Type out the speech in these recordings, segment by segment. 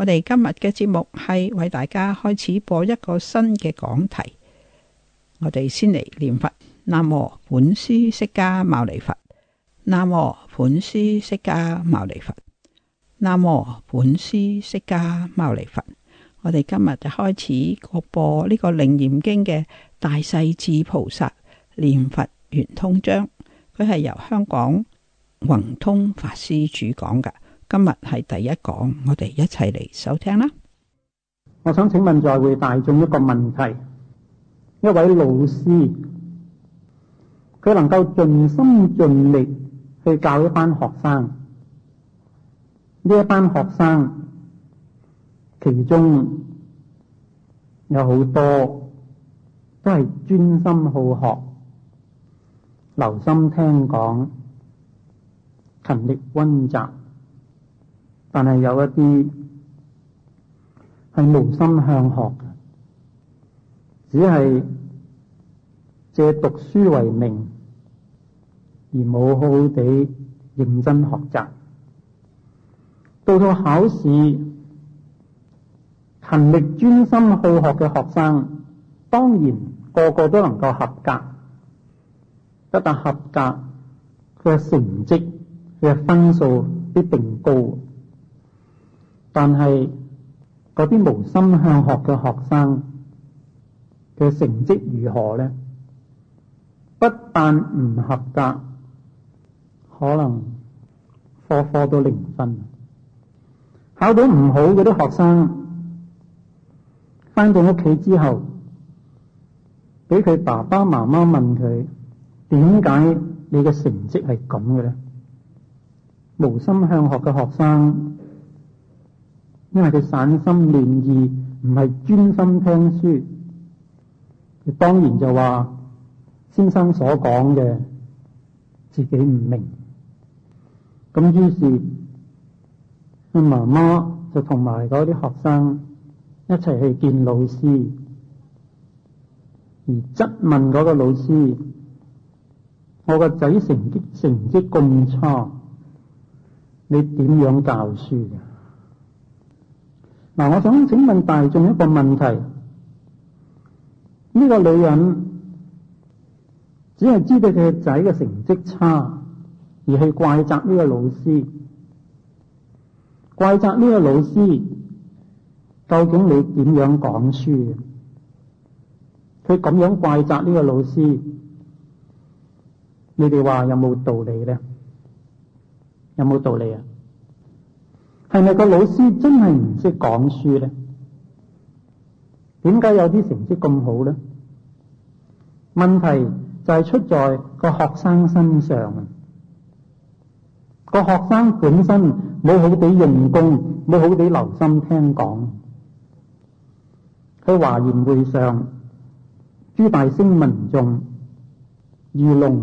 我哋今日嘅節目係為大家開始播一個新嘅講題，我哋先嚟念佛：南無本師釋迦牟尼佛，南無本師釋迦牟尼佛，南無本師釋迦牟尼，尼佛。我哋今日就開始播呢個《楞嚴經》嘅《大勢至菩薩念佛圓通章》，佢係由香港宏通法師主講嘅。今日係第一講，我哋一齊嚟收聽啦。我想請問在會大眾一個問題：一位老師，佢能夠盡心盡力去教一班學生。呢一班學生其中有好多都係專心好學、留心聽講、勤力溫習。但係有一啲係無心向學，只係借讀書為名，而冇好好地認真學習。到到考試，勤力專心好學嘅學生，當然個個都能夠合格。一旦合格嘅成績嘅分數必定高。但係嗰啲無心向學嘅學生嘅成績如何呢？不但唔合格，可能科科都零分。考到唔好嗰啲學生返到屋企之後，俾佢爸爸媽媽問佢點解你嘅成績係咁嘅呢？無心向學嘅學生。因為佢散心亂意，唔係專心聽書，佢當然就話：先生所講嘅自己唔明。咁於是，佢媽媽就同埋嗰啲學生一齊去見老師，而質問嗰個老師：我個仔成績成績咁差，你點樣教書嘅？啊、我想請問大眾一個問題：呢個女人只係知道佢個仔嘅成績差，而去怪責呢個老師，怪責呢個老師，究竟你點樣講書嘅？佢咁樣怪責呢個老師，你哋話有冇道理咧？有冇道理啊？係咪個老師真係唔識講書咧？點解有啲成績咁好咧？問題就係出在個學生身上啊！個學生本身冇好地用功，冇好地留心聽講。佢華嚴會上，諸大聲聞眾如聾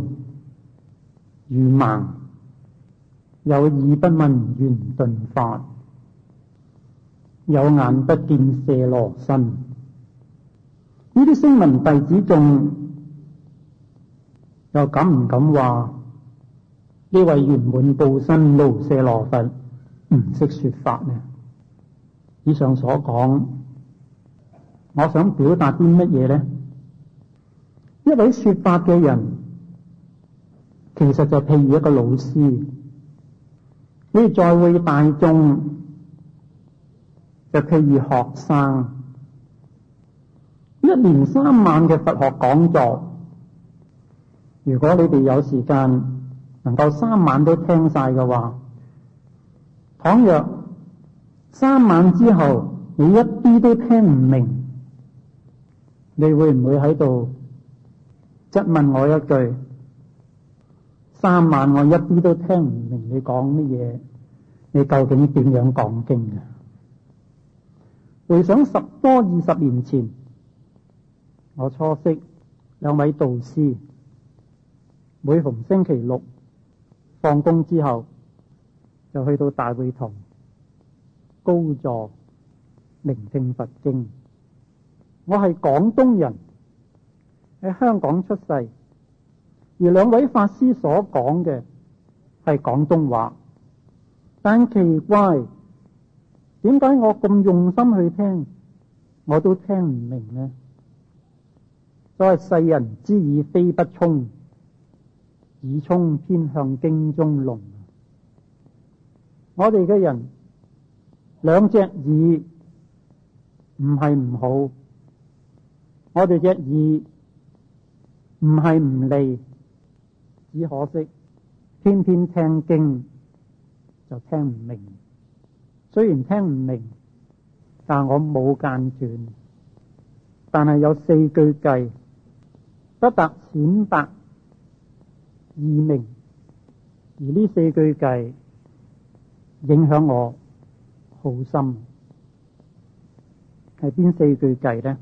如盲。有耳不聞圓頓法，有眼不見舍羅身。呢啲聲聞弟子仲又敢唔敢話呢位圓滿報身盧舍羅佛唔識説法呢？以上所講，我想表達啲乜嘢呢？一位説法嘅人，其實就譬如一個老師。所以在會大眾，就譬如學生，一連三晚嘅佛學講座，如果你哋有時間，能夠三晚都聽晒嘅話，倘若三晚之後你一啲都聽唔明，你會唔會喺度質問我一句？三萬我一啲都聽唔明你講乜嘢，你究竟點樣講經嘅？回想十多二十年前，我初識兩位導師，每逢星期六放工之後，就去到大會堂高座聆聽佛經。我係廣東人，喺香港出世。而兩位法師所講嘅係廣東話，但奇怪點解我咁用心去聽，我都聽唔明呢？所謂世人之耳非不聰，耳聰偏向經中聾。我哋嘅人兩隻耳唔係唔好，我哋隻耳唔係唔利。只可惜，偏偏聽經就聽唔明。雖然聽唔明，但我冇間斷，但係有四句偈，不達淺白，易明。而呢四句偈影響我好深，係邊四句偈咧？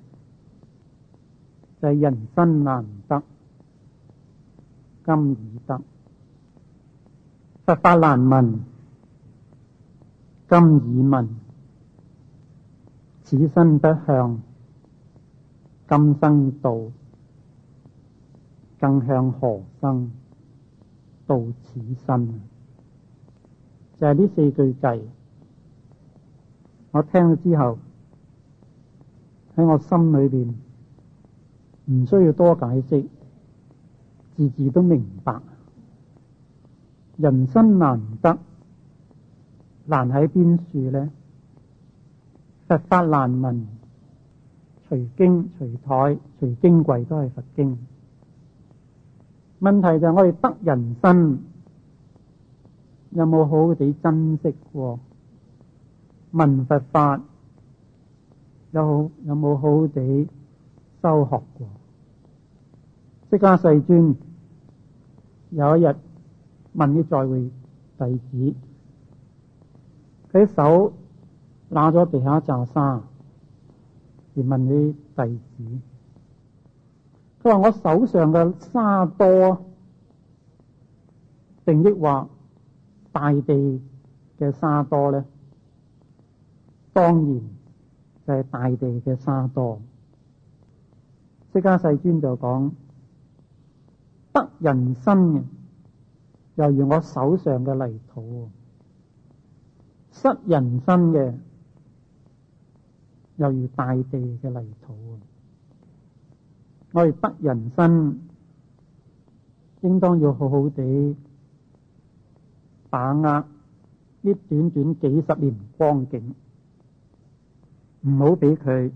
就係人生難得。今已得，佛法難聞，今已聞，此身不向今生度，更向何生度此身？就係、是、呢四句偈，我聽咗之後喺我心裏邊唔需要多解釋。字字都明白，人生難得，難喺邊處呢？佛法難聞，隨經隨台隨經櫃都係佛經。問題就係我哋得人生，有冇好好地珍惜過？問佛法，有，有，有好有冇好好地修學過？釋迦世尊有一日問佢在位弟子，佢手拿咗地下一揸沙，而問佢弟子：佢話我手上嘅沙多定抑或大地嘅沙多咧？當然就係大地嘅沙多。釋迦世尊就講。得人身嘅，猶如我手上嘅泥土；失人身嘅，猶如大地嘅泥土。我哋得人身，應當要好好地把握呢短短幾十年光景，唔好俾佢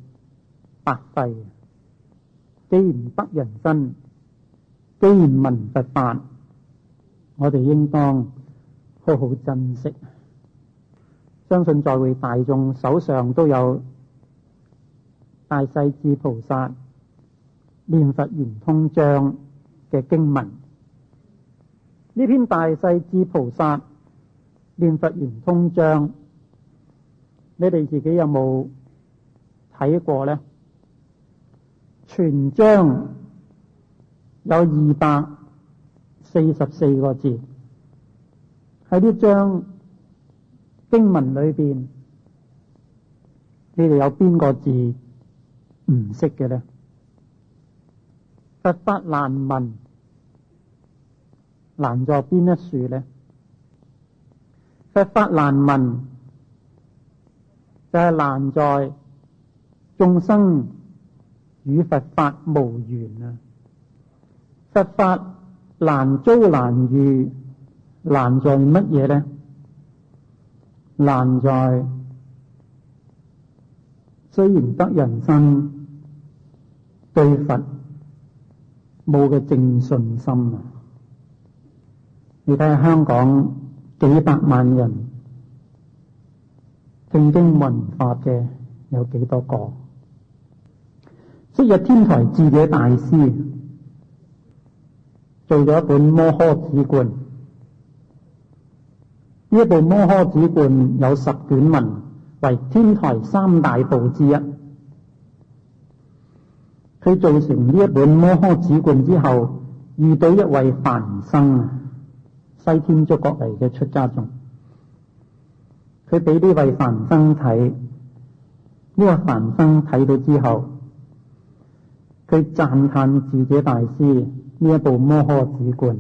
白費。既然得人身。既然聞佛法，我哋應當好好珍惜。相信在會大眾手上都有《大勢至菩薩念佛圓通章》嘅經文。呢篇《大勢至菩薩念佛圓通章》，你哋自己有冇睇過呢？全章。有二百四十四個字喺呢張經文裏邊，你哋有邊個字唔識嘅呢？佛法難聞，難在邊一處呢？佛法難聞，就係難在眾生與佛法無緣啊！佛法難遭難遇，難在乜嘢呢？難在雖然得人身，對佛冇嘅正信心啊！你睇下香港幾百萬人正經聞法嘅有幾多個？昔日天台智者大師。做咗一本《摩訶止觀》，呢一部《摩訶止觀》有十卷文，為天台三大部之一。佢做成呢一本《摩訶止觀》之後，遇到一位梵僧，西天竺國嚟嘅出家眾。佢俾呢位梵僧睇，呢位梵僧睇到之後，佢讚嘆智者大師。呢一部摩訶止觀，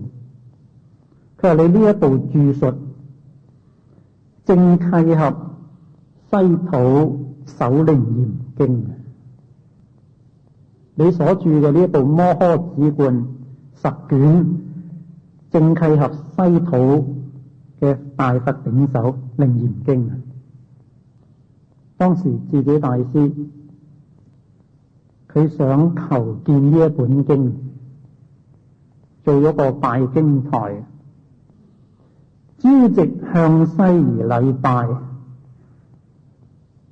佢話你呢一部注述，正契合西土首楞嚴經，你所注嘅呢一部摩訶止觀十卷，正契合西土嘅大佛頂首楞嚴經。當時自己大師，佢想求見呢一本經。做咗個拜經台，朝夕向西而禮拜，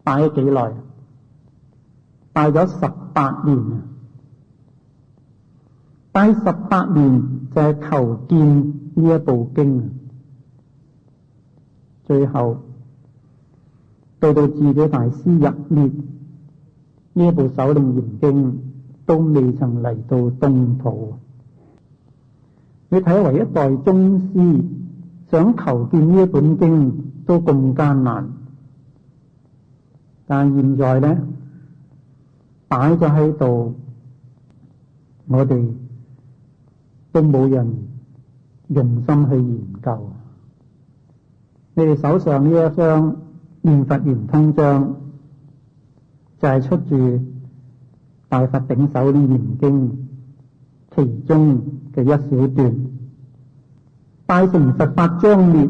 拜咗幾耐？拜咗十八年。拜十八年就係求見呢一部經。最後到到自己大師入滅，呢一部《首楞嚴經》都未曾嚟到東土。你睇，唯一代宗師想求見呢一本經都咁艱難，但係現在呢擺咗喺度，我哋都冇人用心去研究。你哋手上呢一張念佛圓通章，就係、是、出自大佛頂首楞嚴經，其中。第一小段，大乘佛法將滅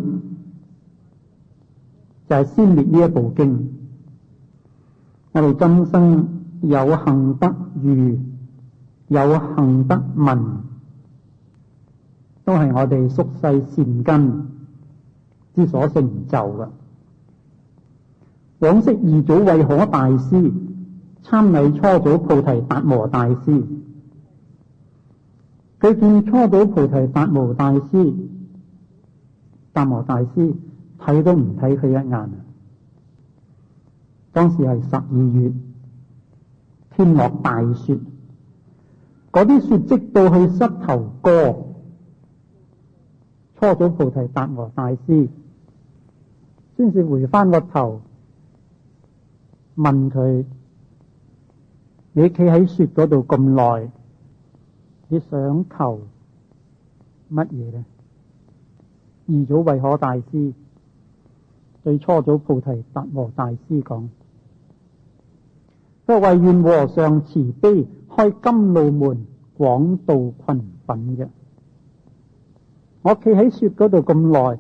就係、是、先滅呢一部經。我哋今生有幸得遇，有幸得聞，都係我哋宿世善根之所成就噶。往昔二祖慧可大師參禮初祖菩提達摩大師，佢見初祖菩提達摩大師，達摩大師睇都唔睇佢一眼。當時係十二月，天落大雪，嗰啲雪積到去膝頭哥。初祖菩提達摩大師，先至回翻個頭，問佢：你企喺雪嗰度咁耐？你想求乜嘢呢？二祖慧可大師對初祖菩提達摩大師講：不為願和尚慈悲開金露門，廣度群品嘅。我企喺雪嗰度咁耐，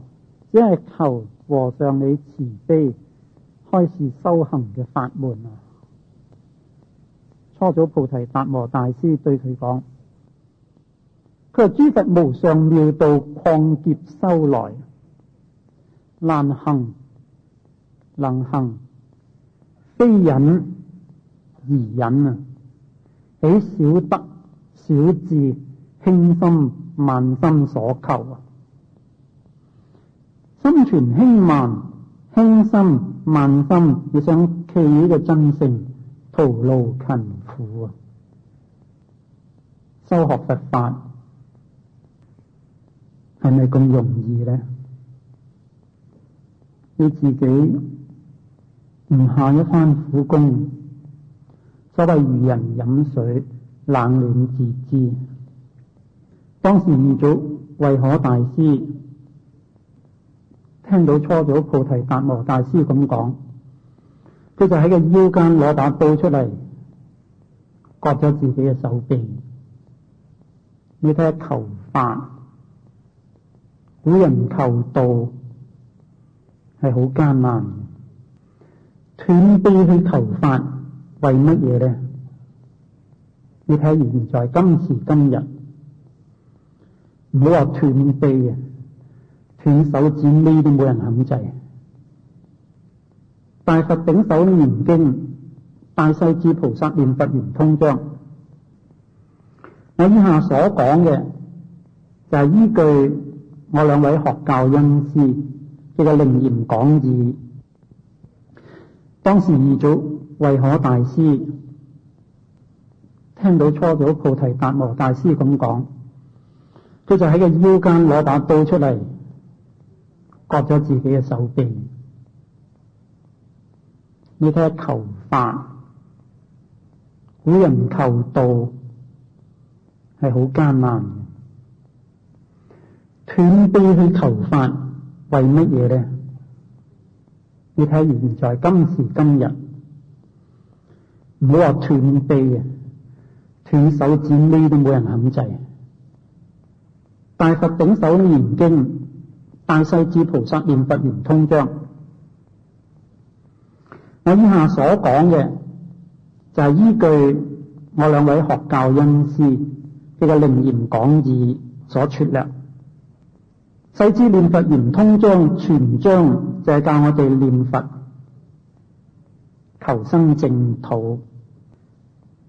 只係求和尚你慈悲開示修行嘅法門啊！初祖菩提達摩大師對佢講。佢係諸佛無上妙道，曠劫修來，難行能行，非忍而忍啊！俾小德小智輕心慢心所求啊！心存輕慢、輕心慢心，要想企嘅真誠，徒勞勤苦啊！修學佛法。係咪咁容易呢？你自己唔下一番苦功，所謂如人飲水，冷暖自知。當時二祖慧可大師聽到初祖菩提達摩大師咁講，佢就喺個腰間攞把刀出嚟，割咗自己嘅手臂。你睇下求法。古人求道係好艱難，斷臂去求法為乜嘢呢？你睇現在今時今日，唔好話斷臂呀，斷手指尾都冇人肯制。大佛頂首楞嚴經，大勢至菩薩念佛圓通章，我以下所講嘅就係依據。我兩位學教恩師，一個靈嚴講義，當時二祖慧可大師聽到初祖菩提達摩大師咁講，佢就喺個腰間攞把刀出嚟，割咗自己嘅手臂。你睇求法，古人求道係好艱難嘅。斷臂去求法，為乜嘢呢？你睇現在今時今日，唔好話斷臂嘅，斷手指尾都冇人肯制。大佛頂首楞嚴經，大勢至菩薩念佛圓通章，我以下所講嘅就係、是、依據我兩位學教恩師嘅個靈言講義所撮略。勢至念佛圓通章全章就係、是、教我哋念佛，求生淨土。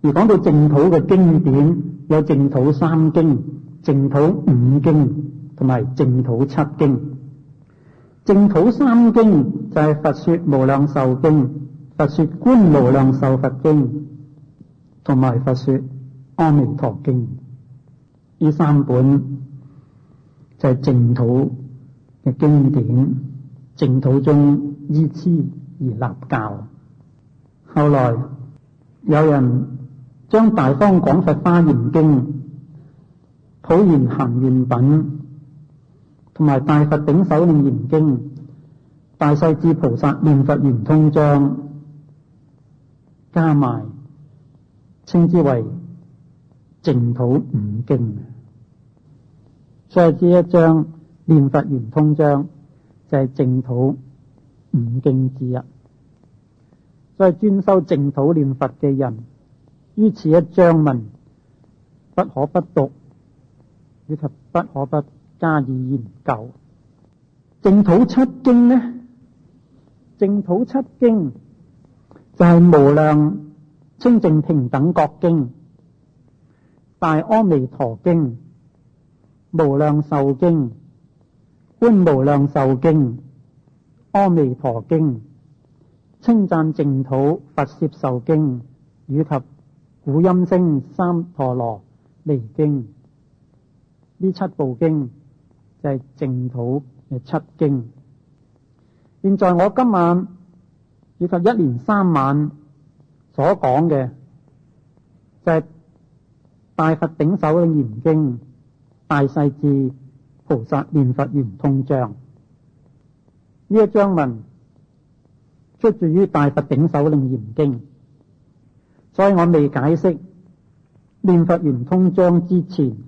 而講到淨土嘅經典，有淨土三經、淨土五經同埋淨土七經。淨土三經就係、是、佛說無量壽經、佛說觀無量壽佛經同埋佛說阿彌陀經，呢三本。就係淨土嘅經典，淨土中依此而立教。後來有人將《大方廣佛花嚴經》、《普賢行願品》同埋《大佛頂首楞嚴經》、《大勢至菩薩念佛圓通章》加埋，稱之為淨土五經。再之一章《念佛法圓通章》就是，就係淨土五經之一。所以專修淨土念佛嘅人，於此一章文不可不讀，以及不可不加以研究。淨土七經呢？淨土七經就係、是《無量清淨平等覺經》、《大阿彌陀經》。無量壽經、觀無量壽經、阿彌陀經、稱讚淨土佛攝受經，以及古音聲三陀羅尼經，呢七部經就係淨土嘅七經。現在我今晚以及一連三晚所講嘅就係、是、大佛頂首嘅嚴經。大勢至菩薩念佛圓通章，呢一章文出自於《大佛頂首楞嚴經》，所以我未解釋念佛圓通章之前，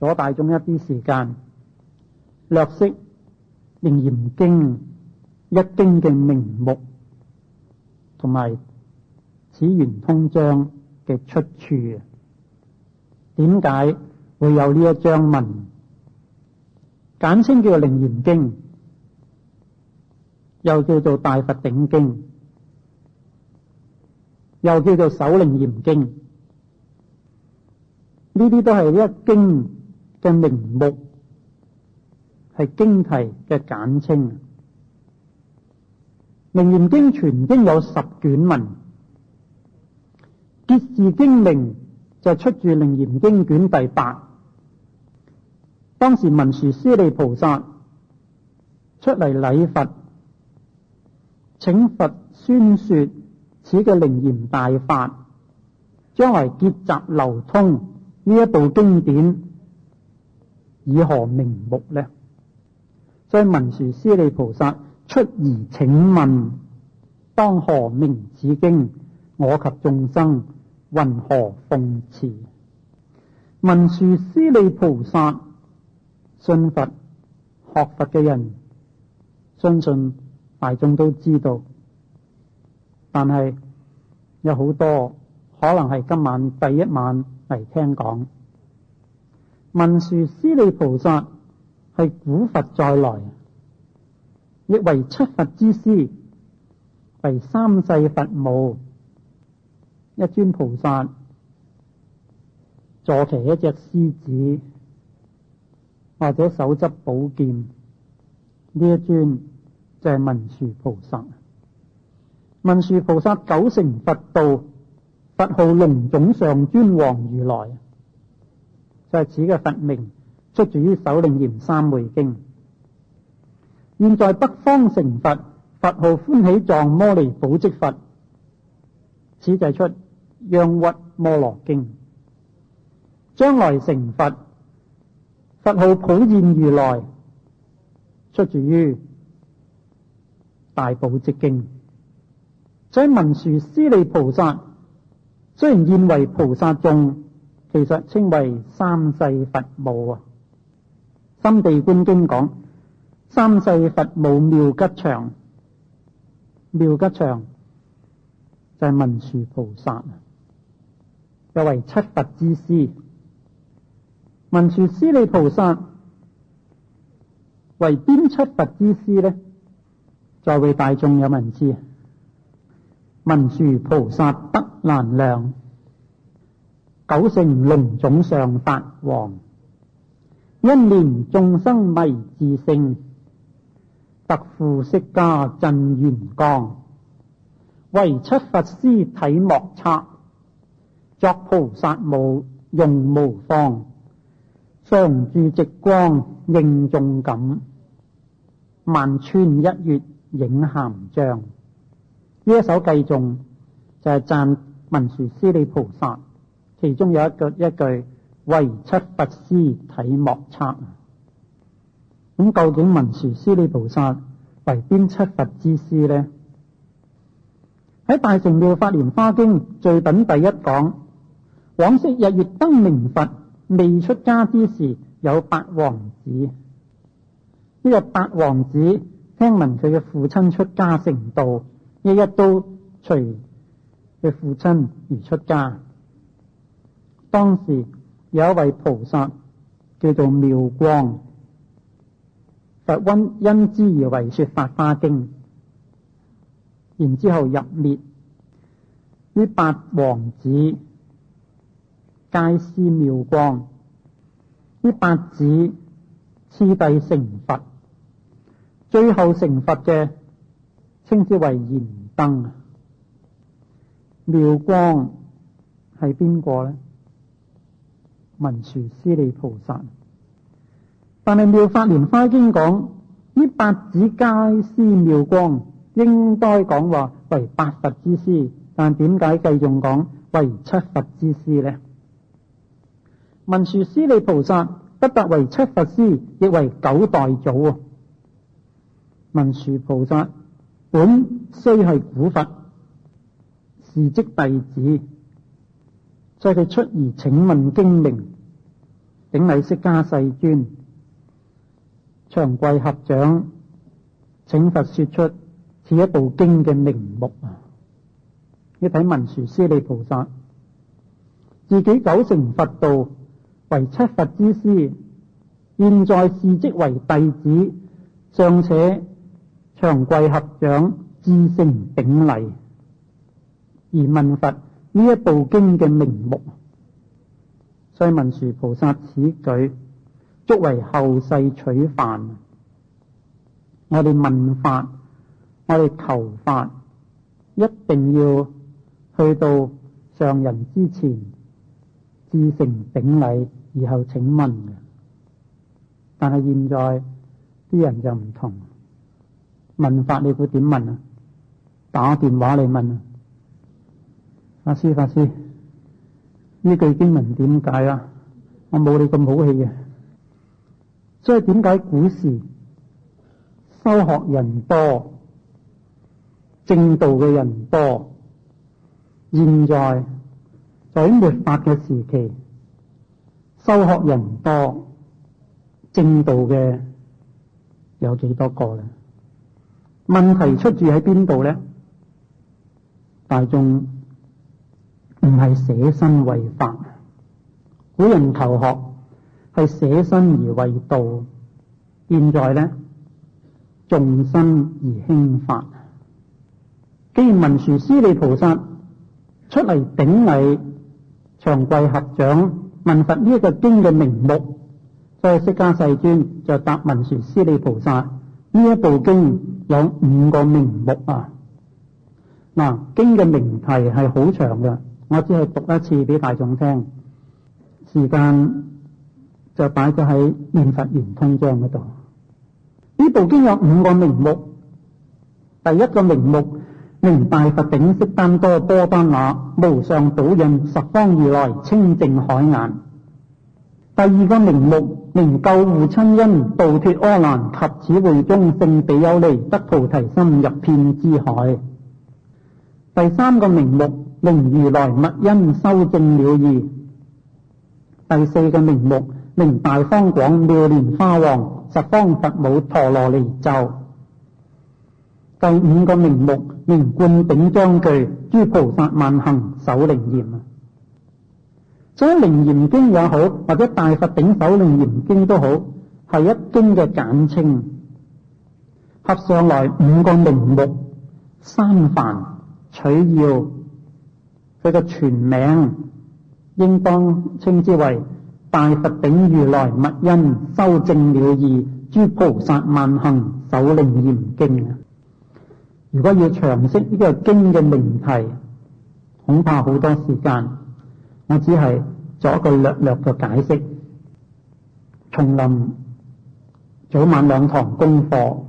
阻大眾一啲時間，略識《楞嚴經》一經嘅名目，同埋此圓通章嘅出處，點解？會有呢一章文，簡稱叫做《楞嚴經》，又叫做《大佛頂經》，又叫做《首楞嚴經》。呢啲都係一經嘅名目，係經題嘅簡稱。《楞嚴經》全經有十卷文，結字經名就出自《楞嚴經》卷第八。當時文殊師利菩薩出嚟禮佛，請佛宣說此嘅楞嚴大法，將來結集流通呢一部經典，以何名目呢？所以文殊師利菩薩出而請問：當何名此經？我及眾生云何奉持？文殊師利菩薩。信佛、學佛嘅人，相信，信大眾都知道，但係有好多可能係今晚第一晚嚟聽講文殊師利菩薩係古佛再來，亦為七佛之師，為三世佛母，一尊菩薩坐騎一隻獅子。或者手執寶劍，呢一尊就係文殊菩薩。文殊菩薩九成佛道，佛號龍種上尊王如來，就係、是、此嘅佛名，出自於首楞嚴三昧經。現在北方成佛，佛號歡喜藏摩尼寶積佛，此際出央掘摩羅經。將來成佛。佛號普現如來，出自於大寶積經。所以文殊師利菩薩雖然現為菩薩眾，其實稱為三世佛母啊。心地觀經講，三世佛母妙吉祥，妙吉祥就係文殊菩薩，又為七佛之師。文殊師利菩薩為邊七佛之師呢？在為大眾有文字。文殊菩薩得難量，九成龍種上法王，因念眾生迷自性，特輔釋迦震元光，為七佛師體莫測，作菩薩母用無方。」雙住直光映重感，萬川一月影含章。呢一首偈頌就係讚文殊師利菩薩，其中有一句一句為七佛師體莫測。咁究竟文殊師利菩薩為邊七佛之師呢？喺大乘妙法蓮花經序品第一講，往昔日月燈明佛。未出家之時，有八王子，呢、這個八王子聽聞佢嘅父親出家成道，一一都隨佢父親而出家。當時有一位菩薩叫做妙光，佛温因之而為説《法花經》，然之後入滅。呢八王子。皆師妙光，呢八子次第成佛，最後成佛嘅稱之為燃燈。妙光係邊個咧？文殊師利菩薩。但係《妙法蓮華經》講呢八子皆師妙光，應該講話為八佛之師，但點解繼續講為七佛之師咧？文殊師利菩薩不達為七佛師，亦為九代祖啊！文殊菩薩本雖係古佛，是即弟子，所以佢出而請問經名，頂禮釋迦世尊，長跪合掌，請佛說出此一部經嘅名目啊！你睇文殊師利菩薩，自己九成佛道。為七佛之師，現在事即為弟子，尚且長跪合掌，至誠頂禮，而問佛呢一部經嘅名目，所以文殊菩薩此舉，足為後世取範。我哋問法，我哋求法，一定要去到上人之前。至誠頂禮，然後請問嘅。但係現在啲人就唔同，問法你會點問啊？打電話嚟問啊，法師法師，呢句經文點解啊？我冇你咁好氣嘅，啊。所以點解古時修學人多，正道嘅人多，現在？喺末法嘅時期，修學人多，正道嘅有幾多個咧？問題出住喺邊度咧？大眾唔係捨身為法，古人求學係捨身而為道，現在咧重身而輕法。既然文殊師利菩薩出嚟頂禮，長貴合掌，問佛，呢一個經嘅名目，再釋迦世尊就答文殊師利菩薩，呢一部經有五個名目啊。嗱，經嘅名題係好長嘅，我只係讀一次俾大眾聽，時間就擺咗喺《念佛圓通章》嗰度。呢部經有五個名目，第一個名目。名大佛頂悉丹多波丹那無上寶印十方如來清淨海眼。第二個名目，名救護親因、度脫柯難及此會中勝地有利，得菩提心入遍之海。第三個名目，名如來密因修證了義。第四個名目，名大方廣妙蓮花王十方佛母陀羅尼咒。第五個名目，名灌頂章句，諸菩薩萬行守楞嚴啊。所以楞嚴經也好，或者大佛頂守楞嚴經都好，係一經嘅簡稱。合上來五個名目，三凡取要，佢嘅全名應當稱之為《大佛頂如來密因修證了義諸菩薩萬行守楞嚴經》啊。如果要詳釋呢個經嘅名題，恐怕好多時間，我只係做一個略略嘅解釋。叢林早晚兩堂功課，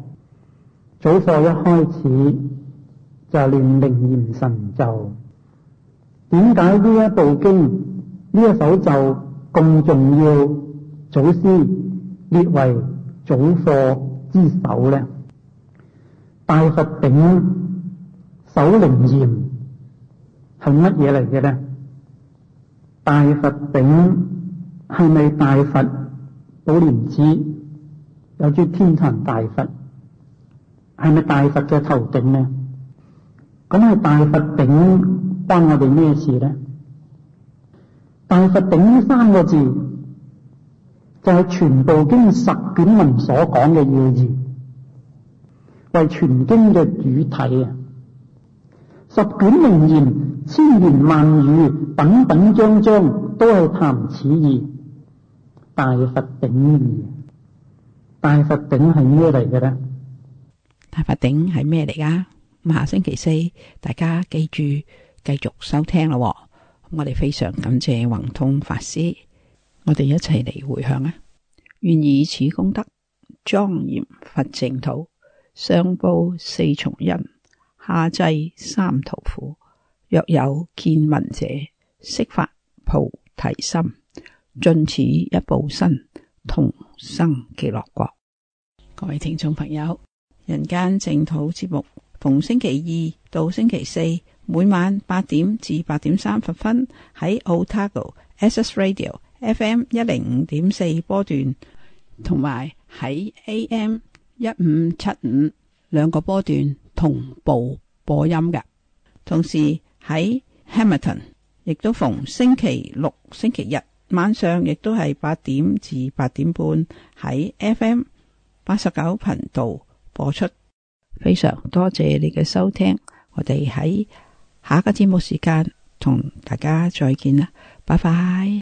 早課一開始就念《楞嚴神咒》。點解呢一部經呢一首咒咁重要，祖師列為早課之首咧？大佛頂首楞嚴係乜嘢嚟嘅咧？大佛頂係咪大佛寶蓮寺有住天壇大佛？係咪大佛嘅頭頂咧？咁係大佛頂關我哋咩事咧？大佛頂呢三個字就係、是、全部經十卷文所講嘅意義。為全經嘅主體啊，十卷名言，千言萬語，等等，章章都係談此義，大佛頂義。大佛頂係咩嚟嘅呢？大佛頂係咩嚟㗎？咁下星期四大家記住繼續收聽咯。咁我哋非常感謝宏通法師，我哋一齊嚟回向啊！願以此功德，莊嚴佛淨土。上報四重恩，下濟三途苦。若有見聞者，悉發菩提心，盡此一報身，同生極樂國。各位聽眾朋友，人間淨土節目逢星期二到星期四，每晚八點至八點三十分喺 Otago SS Radio FM 一零五點四波段，同埋喺 AM。一五七五兩個波段同步播音嘅，同時喺 Hamilton 亦都逢星期六、星期日晚上，亦都係八點至八點半喺 FM 八十九頻道播出。非常多謝你嘅收聽，我哋喺下個節目時間同大家再見啦，拜拜。